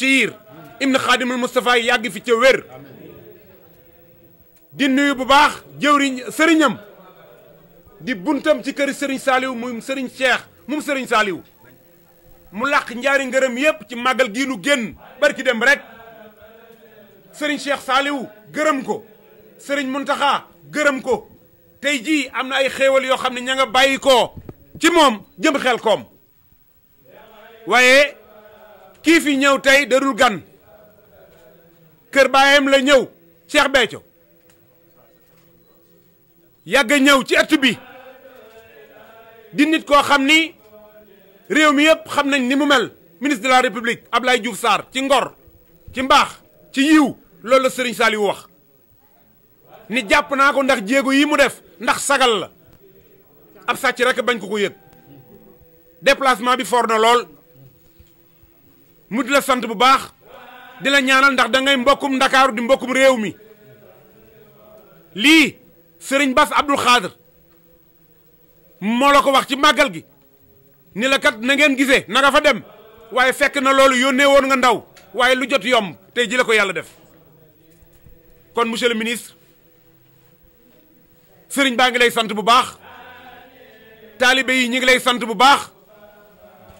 siir ibn xaadimul Moustapha yàgg fi ca wér di nuyu bu baax jëwriñ sëriñam di buntam ci këri sëriñ saaliw mu sëriñ Cheikh mum sëriñ saaliw mu làq njaari ngërëm yépp ci màggal gii nu génn barki dem rek sëriñ Cheikh saaliw gërëm ko sëriñ Muntaxa gërëm ko tey jii am na ay xéewal yoo xam ne ña nga bàyyi koo ci moom jëm xel koom waaye kii fi ñëw tey darul gan kër baayam la ñëw Cheikh Béthio yàgg ñëw ci ëtt bi di nit koo xam ni réew mi yëpp xam nañ ni mu mel ministre la la ab Ablaye Diouf saar ci ngor ci mbaax ci yiw loolu la Serigne Saliou wax ni jàpp naa ko ndax jéego yi mu def ndax sagal la ab sàcc rek bañ ko ko yëg déplacement bi for na lool. mu di la sant bu baax dina ñaanal ndax dangay mbokkum ndakaaru di mbokkum réew mi lii sëriñ Bass Abdou Khadre moo la ko wax ci màggal gi ni la kat na ngeen gisee na nga fa dem waaye fekk na loolu yónnee woon nga ndaw waaye lu jot yomb tey ji ko yàlla def kon monsieur ministre sëriñ baa ngi lay sant bu baax taalibe yi ñi ngi lay sant bu baax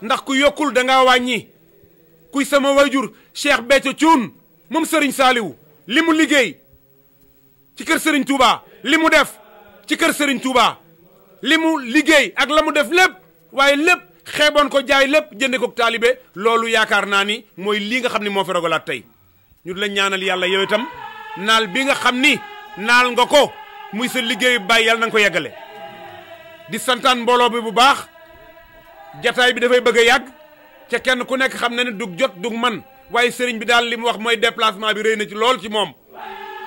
ndax ku yokkul danga wàññi kuy sama wayjur Cheikh Béthio Thioune moom Serigne Saliou li mu liggéey ci kër sëriñ Touba li mu def ci kër Serigne Touba li mu liggéey ak la mu def lépp waaye lépp xeeboon ko jaay lépp jënde ko taalibe loolu yaakaar naa ni mooy lii nga xam ni moo fi tey ñu la ñaanal yàlla yow tam naal bi nga xam ni naal nga ko muy sa liggéeyu bàyyi yàlla na ko yeggale di santaan mbooloo bi bu baax jataay bi dafay bëgg a yàgg ca kenn ku nekk xam na ne dug jot dug man waaye sëriñ bi daal li mu wax mooy déplacement bi rëy na ci lool ci moom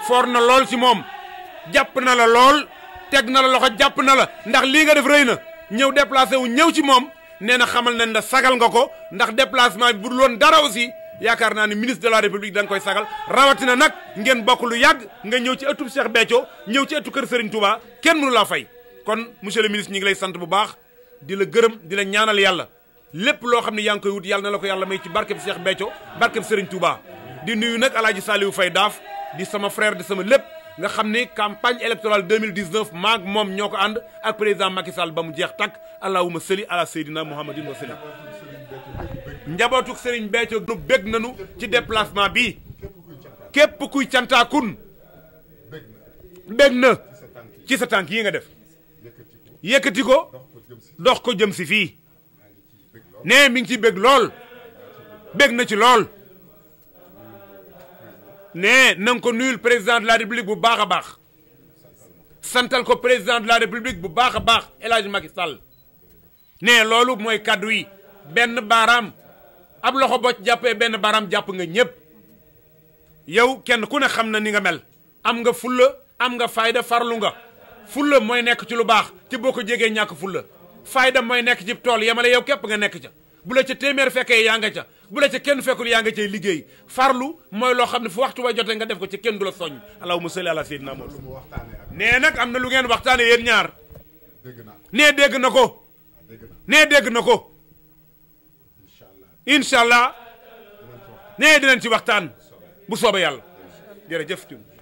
foor na lool ci moom jàpp na la lool teg na la loxo jàpp na la ndax lii nga def rëy na ñëw déplacé wu ñëw ci moom nee na xamal nañ la sagal nga ko ndax déplacement bi bu dul woon dara si yaakaar naa ni ministre de la république da nga koy sagal rawatina nag ngeen bokk lu yàgg nga ñëw ci ëttub Cheikh Béthio ñëw ci ëttu kër Serigne Touba kenn mënu laa fay kon monsieur le ministre ngi lay sant bu baax di la gërëm di la yàlla lépp loo xam ne yaa ngi koy wut yàlla na la ko yàlla may ci barkeb Cheikh Béthio barkeb Serigne Touba di nuyu nag alaaji Saliou fay Daaf di sama frère di sama lépp nga xam ne campagne électorale 2019 maag moom ñoo ko ànd ak président Macky Sall ba mu jeex takk allahuma sëli ala seydina mouhamadin wa sëli njabootuk Serigne Béthio nu bég nañu ci déplacement bi képp kuy cantaakun bég na ci sa tànk yi nga def yëkkati ko dox ko jëm si fii nee mi ngi ciy bég lool bég na ci lool nee na ko nuyul président de la république bu baax a baax santal ko président de la république bu baax a baax El Hadj Sall nee loolu mooy kàddu yi benn baaraam ab loxo boo jàppee benn baaraam jàpp nga ñëpp yow kenn ku ne xam na ni nga mel am nga fulla am nga fayda farlu nga fulla mooy nekk ci lu baax ci boo ko jegee ñàkk fulla fayda mooy nekk ci tool yemale yow képp nga nekk ca bu la ca téeméer fekkee yaa nga ca bu la ca kenn fekkul yaa nga cay liggéey farlu mooy loo xam ne fu waxtu ba jotee nga def ko ci kenn du la soññ allahumma salli ala sayyidina Muhammad nee nag am na lu ngeen waxtaane yéen ñaar nee dégg na ko nee dégg na ko incha allah nee dinañ ci waxtaan bu soobee yàlla jërëjëf